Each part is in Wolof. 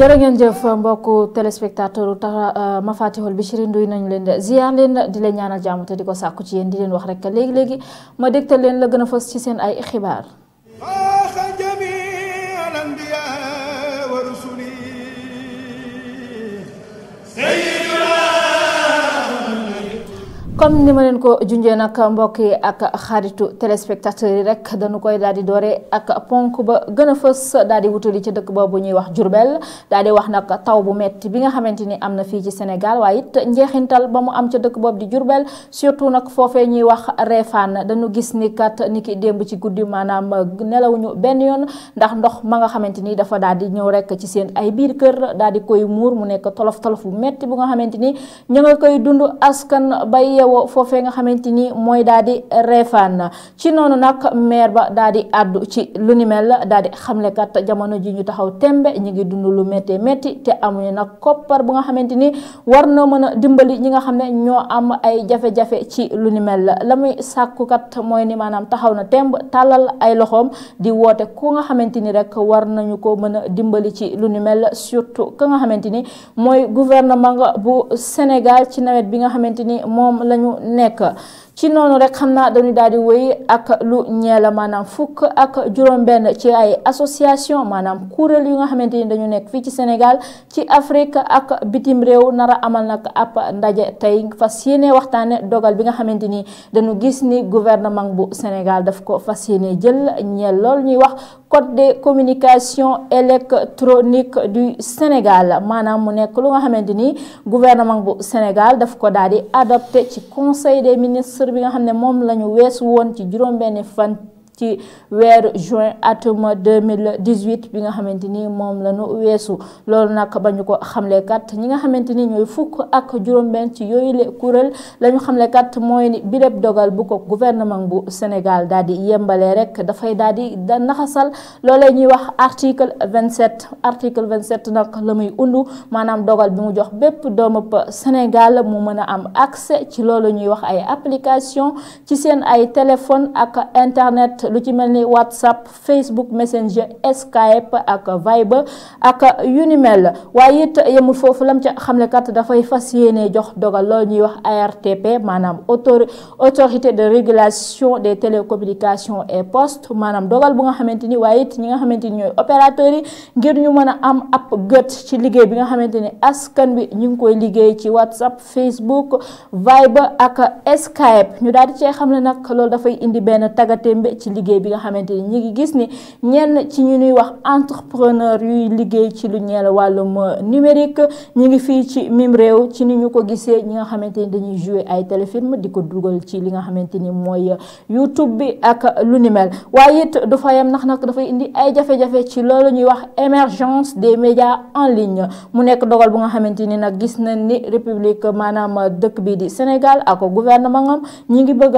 jërë ngeen jëf mbokk téléspectateur euh, ma fatihol bi Bichri nduy nañu leen ziar leen di leen ñaanal jàmm te di ko sàkku ci yéen di leen wax rek léegi léegi ma dégtal leen la gën a fës ci seen ay xibaar. comme ni ma leen ko junjee nag mbokk yi ak xaritu téléspectateur yi rek dañu koy daal di doore ak ponk ba gën a fës daal di wutali ca dëkk boobu ñuy wax Jurbel daal di wax nag taw bu metti bi nga xamante ni am na fii ci Sénégal waaye it njeexintal ba mu am ca dëkk boobu di Jurbel surtout nag foofee ñuy wax Réfane dañu gis ni kat ni ki démb ci guddi maanaam ñu benn yoon ndax ndox ma nga xamante ni dafa daal di ñëw rek ci seen ay biir kër daal di koy muur mu nekk tolof tolof bu metti bu nga xamante ni ñu nga koy dund askan bay yeewu yeewoo foofee nga xamante ni mooy daal di reefaan ci noonu nag maire ba daal di àddu ci lu ni mel daal di xamlekat jamono ji ñu taxaw tembe ñu ngi dund lu méttee métti te amuñu nag koppar bu nga xamante ni war na mën a dimbali ñi nga xam ne ñoo am ay jafe ci lu ni mel la muy sàkkukat mooy ni maanaam taxaw na temb tàllal ay loxoom di woote ku nga xamante ni rek war nañu ko mën a dimbali ci lu ni mel surtout ka nga xamante mooy gouvernement bu Sénégal ci nawet bi nga xamante moom lañu nekk ci noonu rek xam naa dañu daal di wéy ak lu ñeela maanaam fukk ak juróom-benn ci ay association maanaam kuréel yu nga xamante ni dañu nekk fii ci Sénégal ci Afrique ak bitim réew nar a amal nag ab ndaje tey fas yéene waxtaane dogal bi nga xamante ni dañu gis ni gouvernement bu Sénégal daf ko fas yéene jël ñeel lool ñuy wax code de communication électronique du Sénégal maanaam mu nekk lu nga xamante ni gouvernement bu Sénégal daf ko daal di adopté ci conseil des ministres bi nga xam ne moom la ñu weesu woon ci juróom-benni fan ci weeru juin atum 2018 bi nga xamante ni moom la ñu weesu loolu nag ba ñu ko xamle kat ñi nga xamante ni ñooy fukk ak juróom-benn ci yooyu le kuréel la ñu xamle kat mooy ni bileb dogal bu ko gouvernement bu Sénégal daal di yembalee rek dafay daal di da naxasal loolee ñuy wax article 27 article 27 nag la muy undu maanaam dogal bi mu jox bépp doomu Sénégal mu mën a am accès ci loolu ñuy wax ay application ci seen ay téléphone ak internet chat lu ci mel ni whatsapp facebook messenger skype ak viber ak yu ni mel waaye it yemul foofu lam ca xamle kat dafay fas yéene jox dogal loolu ñuy wax ARTP maanaam autorité de régulation des télécommunications et post maanaam dogal bu nga xamante ni waaye it ñi nga xamante ni ñooy opérateurs yi ngir ñu mën a am ab gët ci liggéey bi nga xamante ni askan bi ñu ngi koy liggéey ci whatsapp facebook viber ak skype ñu daal di cee xam ne nag loolu dafay indi benn taggate m liggéey bi nga xamante ni ñu ngi gis ni ñenn ci ñu ñuy wax entrepreneur yuy liggéey ci lu ñeel wàllum numérique ñu ngi fii ci mim réew ci ni ñu ko gisee ñi nga xamante ni dañuy jouer ay téléfilm di ko dugal ci li nga xamante ni mooy YouTube bi ak lu ni mel waaye it du fa yem nax nag dafay indi ay jafe-jafe ci loolu ñuy wax émergence des médias en ligne mu nekk dogal bu nga xamante ni nag gis na ni république maanaam a dëkk bi di Sénégal ak gouvernement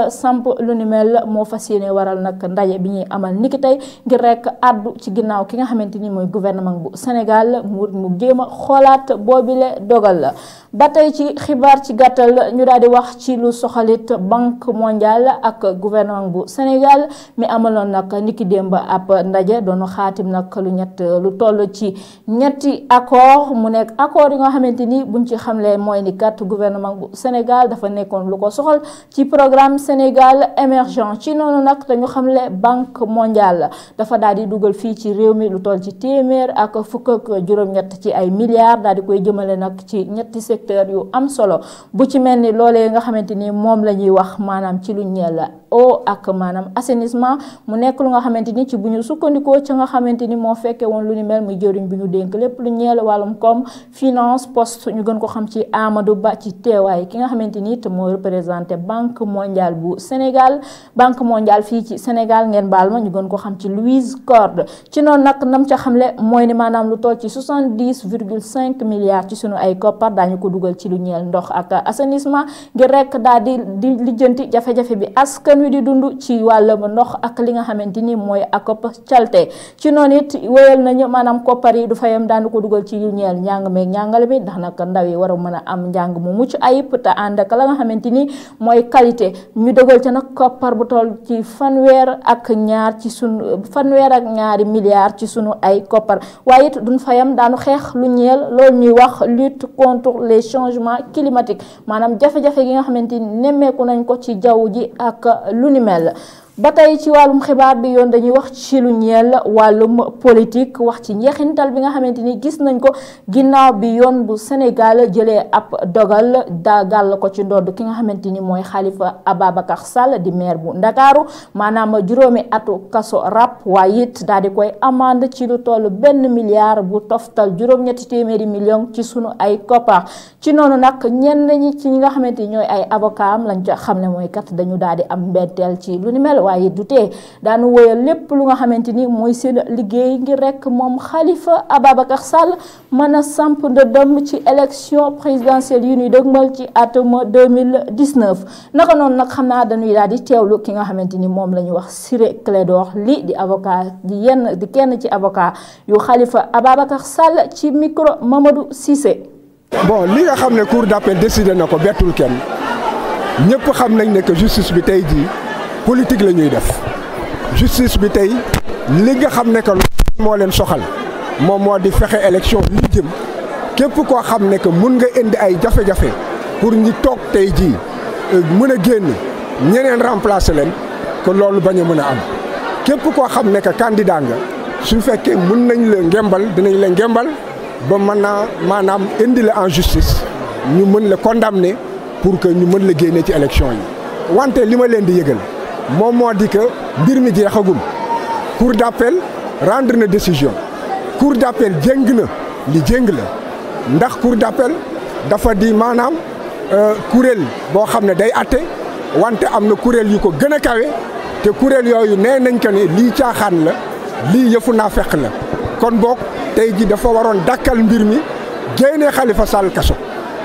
a moo fas nag nag ndaje bi ñuy amal niki tey ngir rek addu ci ginnaaw ki nga xamante ni mooy gouvernement bu Sénégal mu mu a xoolaat boobile dogal la ba tey ci xibaar ci gàttal ñu daal di wax ci lu soxalit banque mondiale ak gouvernement bu Sénégal mi amaloon nag niki démb ab ndaje doon xaatim nag lu ñett lu toll ci ñetti accord mu nekk accord yi nga xamante ni buñ ci xamle mooy ni kat gouvernement bu Sénégal dafa nekkoon lu ko soxal ci programme Sénégal émergent ci noonu nag dañu xam xamle banque mondiale dafa daal di dugal fii ci réew mi lu toll ci téeméer ak fukk ak juróom-ñett ci ay milliards daal di koy jëmale nag ci ñetti secteur yu am solo bu ci mel ni loolee nga xamante ni moom la ñuy wax maanaam ci lu ñeel eau ak maanaam assainissement mu nekk lu nga xamante ni ci bu ñu sukkandikoo ca nga xamante ni moo fekkee woon lu ni mel muy jëriñ bi ñu dénk lépp lu ñeel wàllum koom finance poste ñu gën ko xam ci Amadou Ba ci teewaay ki nga xamante ni mooy moo représenté banque mondiale bu Sénégal banque mondiale fii ci Sénégal ngeen baal ma ñu gën ko xam ci Louise Corde ci noonu nag nam ca xamle mooy ni maanaam lu toll ci soixante dix cinq milliards ci sunu ay koppar daañu ko dugal ci lu ñeel ndox ak assainissement ngir rek di di lijjanti bi askan wi di dund ci wàllum ndox ak li nga xamante ni mooy akop calte ci noonu it wéyal nañu maanaam koppar yi du fayam daan ko dugal ci yu ñeel njàng meeg njàngale mi ndax nag ndaw yi war a a am njàng mu mucc ayib te ànd ak la nga xamante ni mooy qualité ñu dogal ca nag koppar bu toll ci fanweer ak ñaar ci sunu fanweer ak ñaari milliards ci sunu ay koppar waaye fayam daanu xeex lu ñeel loolu ñuy wax lutte contre les changements climatiques maanaam jafe-jafe gi nga xamante nemmeeku nañ ko ci jaww ji ak lu ni ba tey ci wàllum xibaar bi yoon dañuy wax ci lu ñeel wàllum politique wax ci njeexintal bi nga xamante ni gis nañ ko ginnaaw bi yoon bu Sénégal jëlee ab dogal dagal ko ci ndodd ki nga xamante ni mooy Xalifa Ababacar Sall di maire bu Ndakaaru maanaam juróomi atu kaso rap waaye it daal di koy amande ci lu toll benn milliard bu toftal juróom-ñetti téeméeri million ci sunu ay koppar ci noonu nag ñenn ñi ci ñi nga xamante ni ñooy ay avocat lañ ca xam ne mooy kat dañu daal di am mbetteel ci waaye du tee daanu woyal lépp lu nga xamante ni mooy seen liggéey ngir rek moom xalifa Ababacar Sall mën a samp ndëndëm ci élection présidentielle yu ñuy dëgmal ci atum 2019 naka noonu nag xam naa dañuy daal di teewlu ki nga xamante ni moom la ñu wax Ciré Clédor Ly di avocat di yenn di kenn ci avocat yu xalifa Ababacar Sall ci micro Mamadou Cissé. bon li nga xam ne cour d'appel décidé na ko bettul kenn ñëpp xam nañ ne que bi tey jii. politique la ñuy def justice bi tey li nga xam ne que moo leen soxal moom moo di fexe élection li jëm képp koo xam ne que mun nga indi ay jafe-jafe pour ñi toog tey jii euh, mën a génn ñeneen remplacer leen que loolu bañ a mën a am képp koo xam ne que candidat nga su fekkee mun nañ la ngembal dinañ la ngembal ba mën naa maanaam indi la en justice ñu mën la condamner pour que ñu mën la génne ci élection yi wante li ma leen di yëgal. moom moo di que mbir mi jeexagul cour d'appel rendre na décision cour d'appel jéng na li jéng la ndax cour d'appel dafa di maanaam euh, kuréel boo xam ne day atte wante am na kuréel yi ko gën a kawe te kuréel yooyu nee nañ ko ne lii caaxaan la lii yëfu naa fekk la kon boog tey ji dafa waroon dakkal mbir mi génnee Khalifa Sall kaso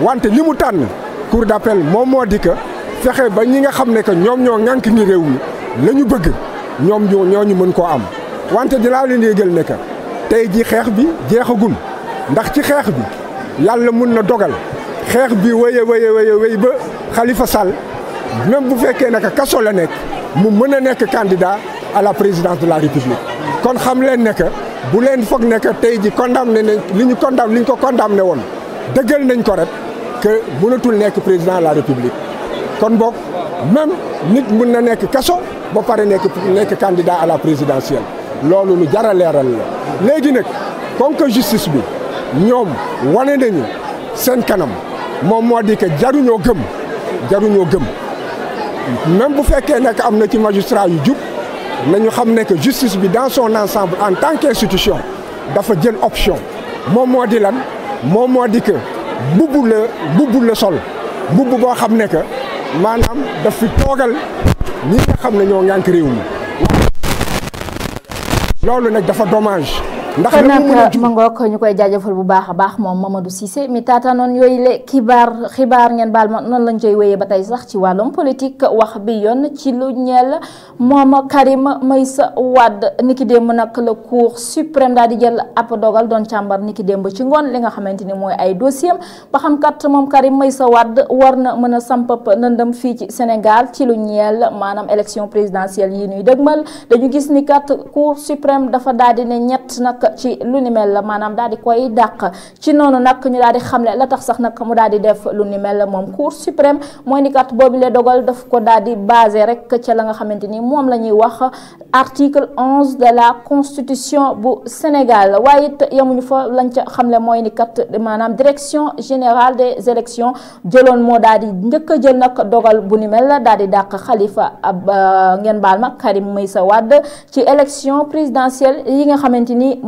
wante li mu tànn cour d'appel moom moo di fexe ba ñi nga xam ne que ñoom ñoo ŋànk ñi réew mi la ñu bëgg ñoom ñoo ñoo ñu mën koo am wante dinaa leen yëgal ne que tey ji xeex bi jeexagul ndax ci xeex bi yàlla mën na dogal xeex bi wéye wéye wéye wéy ba xalifa Sall même bu fekkee ne que kaso la nekk mu mën a nekk candidat à la présidence de la République kon xam leen ne que bu leen foog ne que tey ji condamné nañ li ñu condamné li ñu ko ne woon dëggal nañ ko rek que mënatul nekk président la République kon boog même nit mun na nekk kaso ba pare nekk nekk candidat à la présidentielle loolu lu jaraleeral a la léegi nag comme que justice bi ñoom wane nañu seen kanam moom moo di que jaruñoo gëm jaruñoo gëm même bu fekkee nekk am na ci magistrat yu jub nañu xam ne que justice bi dans son ensemble en tant qu'institution dafa jël option moom moo di lan moom moo di que mbubb la mbubb sol mbubb boo xam ne que maanaam daf fi toogal ñi nga xam ne ñoo ngànk réew mi loolu nag dafa domage ndax nag ma ngoog ñu koy jaajëfal bu baax a baax moom Mamadou Cissé mi taataanoon yooyu le xibaar xibaar ngeen baal ma noonu lañ koy wéyee ba tey sax ci wàllum politique wax bi yoon ci lu ñeel moom Karim Meïssa Wade niki démb nag la cour suprême di jël ab doon càmbar niki démb ci ngoon li nga xamante ni mooy ay dossier ba xam kat moom Karim sa Wade war na mën a sampap nëndam fii ci Sénégal ci lu ñeel maanaam élection présidentielle yi ñuy dëgmal dañu gis ni kat cour suprême dafa daal ne ñett nag nag ci lu ni mel la maanaam daal di koy dàq ci noonu nag ñu daal di xamle la tax sax nag mu daal di def lu ni mel la moom cour suprême mooy ni kat boobu la dogal daf ko daal di basé rek ca la nga xamante ni moom la ñuy wax article onze de la constitution bu Sénégal waaye it yamuñu fa lañ ca xamle mooy ni kat maanaam direction général des élections jëloon moo daal di njëkk a jël nag dogal bu ni la daal di dàq xalifa ab euh, ngeen baal ma Karim Meïssa Wade ci élection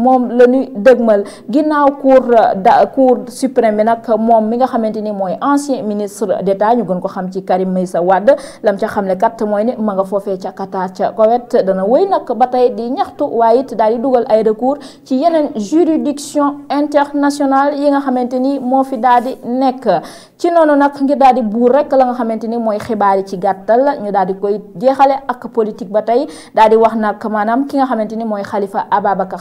moom la ñu dëgmal ginnaaw cour euh, da cour suprême bi nag moom mi nga xamante ni mooy ancien ministre d'état ñu gën ko xam ci Karim sa Wade lam ca xam ne kat mooy ne ma nga foofee ca Qatar ca Koweït dana wéy nag ba tey di ñaxtu waaye it daal di dugal ay recours ci yeneen juridiction internationale yi nga xamante ni moo fi daal di nekk ci noonu nag ngir daal di buur rek la nga xamante ni mooy xibaar yi ci gàttal ñu daal di koy jeexale ak politique ba tey daal di wax nag maanaam ki nga xamante ni mooy Khalifa Ababacar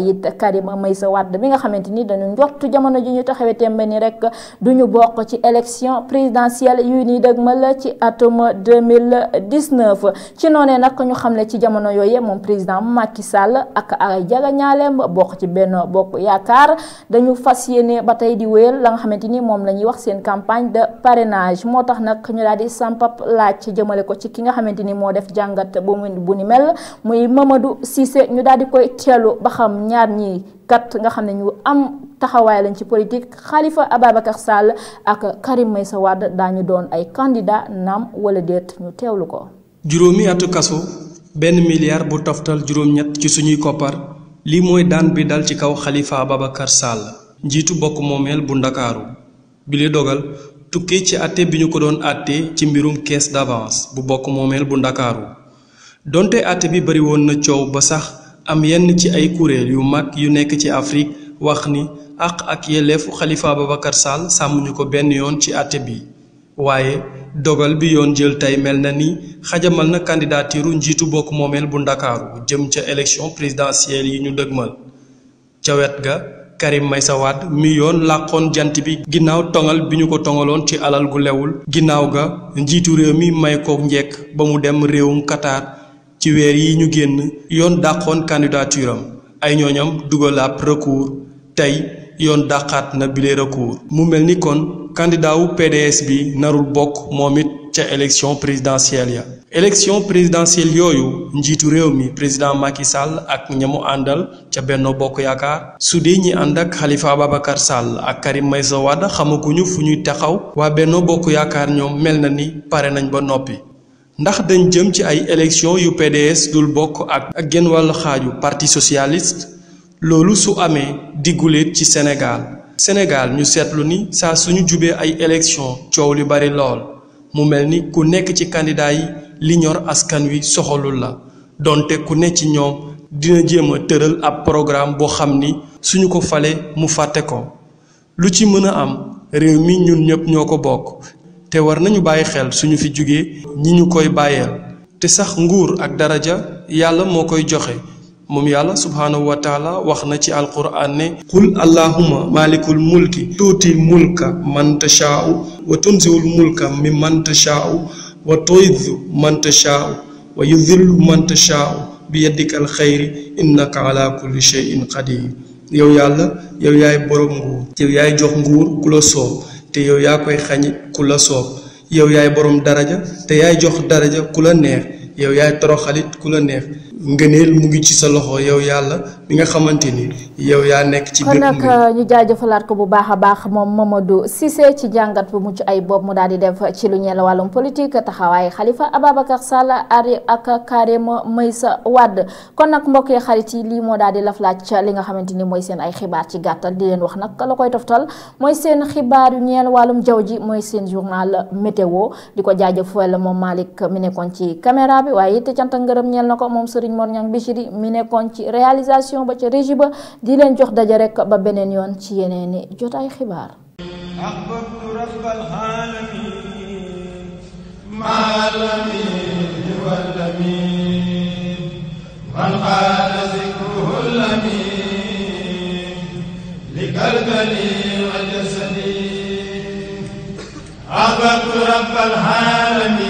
waaye it Karima Meïssa Wade bi nga xamante ni dañu njort jamono ji ñu taxawee tembe ni rek du ñu bokk ci élection présidentielle yu ni dëgmal ci atum 2019 ci noonee nag ñu xam ne ci jamono yooyu moom président Macky Sall ak ay jagañaaleem bokk ci benn bokk yaakaar dañu fas yéene ba tey di wéyal la nga xamante ni moom la ñuy wax seen campagne de parrainage moo tax nag ñu daal di sampap laaj jëmale ko ci ki nga xamante ni moo def jàngat bu mu bu ni mel muy Mamadou Cissé ñaar ñi kat nga xam ne ñu am taxawaay lañ ci politique Khalifa Ababacar Sall ak Karim Meïssa Wade doon ay candidat naam wala déet ñu teewlu ko. juróomi atu kaso benn milliard bu toftal juróom-ñett ci suñuy koppar lii mooy daan bi dal ci kaw xalifa Ababacar Sall njiitu bokk moomeel bu ndakaaru bile dogal tukki ci àtte bi ñu ko doon àtte ci mbirum caisse d'avance bu bokk moomeel bu ndakaaru donte àtte bi bariwoon na coow ba sax. am yenn ci ay kuréel yu mag yu nekk ci Afrique wax ni ak ak yelleefu Xalifa Ababacar Sall sàmmuñu ko benn yoon ci ate bi waaye dogal bi yoon jël tey mel na ni xajamal na candidaturu njiitu bokk moomeel bu Ndakaaru jëm ca élection présidentielle yi ñu dëgmal ca wet ga Karim maysawaat Wade mi yoon làqoon jant bi ginnaaw tongal bi ñu ko tongaloon ci alal gu lewul ginnaaw ga njiitu réew mi may ko njekk ba mu dem réewum Qatar ci weer yi ñu génn yoon dàqoon candidature am ay ñooñam dugalaab recours tey yoon dàqaat na bile recours mu mel ni kon candidat wu PDS bi narul bokk moom it ca élection présidentielle ya élection présidentielle yooyu njiitu réew mi président Macky Sall ak ñamu àndal ca Benno Bokk Yaakaar su dee ñi ànd ak xalifa Ababacar Sall ak Karim Meïssa Wade xamaguñu fu ñuy taxaw waa Benno Bokk Yaakaar ñoom mel na ni pare nañ ba noppi ndax dañ jëm ci ay élection yu PDS dul bokk ak ak genn wàll xaaju parti socialiste loolu su amee digguleet ci senegaal Sénégal ñu seetlu ni saa suñu jubee ay élection coow li bari lool mu mel ni ku nekk ci candidat yi li ñor askan wi soxalul la donte ku ne ci ñoom dina jéem a tëral ab programme boo xam ni suñu ko fale mu fàtte ko lu ci mën a am réew mi ñun ñëpp ñoo ko bokk te war nañu bàyyi xel suñu fi jógee ñi ñu koy bàyyeel te sax nguur ak daraja yàlla moo koy joxe moom yàlla subhaanahu wa taala wax na ci alquraan ne qul allahuma malikul mulki tuutil mulka man tashaau wa tunziul mulka mi man tashaau wa tuizzu man tashaau wa yudillu man tashaau bi yaddika al xayri innaka ala kulli cheyin qadir yow yàlla yow yaay boroom nguur yow yaay jox nguur ku la soob te yow yaa koy xañ ku la soob yow yaay boroom daraja te yaay jox daraja ku la neex yow yaay toroxalit ku la neex ngëneel mu ngi ci sa loxo yow yàlla mi nga xamante ni yow yaa nekk ci biir kon ko bu baax a baax moom Mamadou Cissé ci jàngat bu mucc ay bopp mu daal di def ci lu ñeel wàllum politique taxawaay Khalifa Ababacar Sall ari ak Karim Meïssa Wade kon nag mbokk yi xarit lii moo daal di laflaaj li nga xamante ni mooy seen ay xibaar ci gàttal di leen wax nag la koy toftal mooy seen xibaar yu ñeel wàllum jaww ji mooy seen journal météo di ko jaajëfal moom Malick mi nekkoon ci caméra bi waaye it cant ngërëm ñeel na ko moom sëriñ Serigne Mor Niang Bichiri mi nekkoon ci réalisation ba ca régie ba di jox daje rekk ba beneen yoon ci yeneeni jotaay xibaar قلبي وجسدي عبدت رب العالمين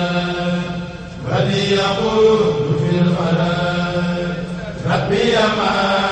ربي يقول في الخلاء ربي يمعان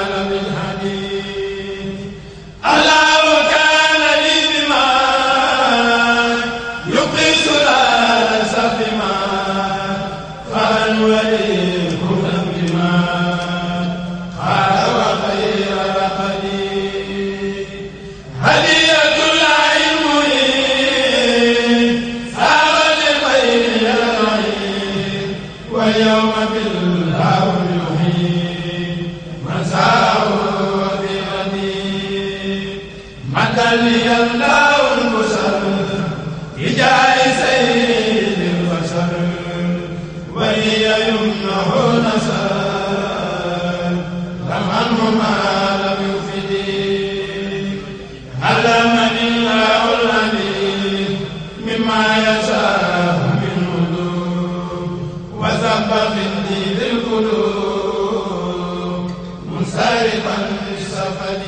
شارقا للسفد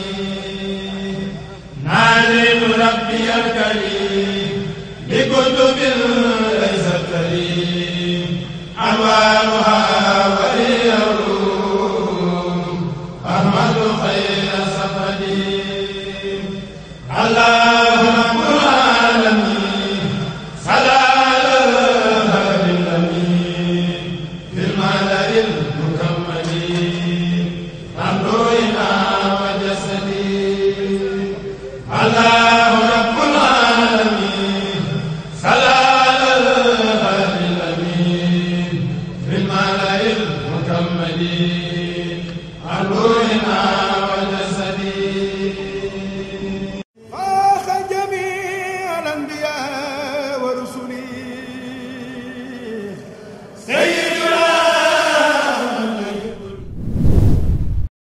ناديت ربي الكريم بكتب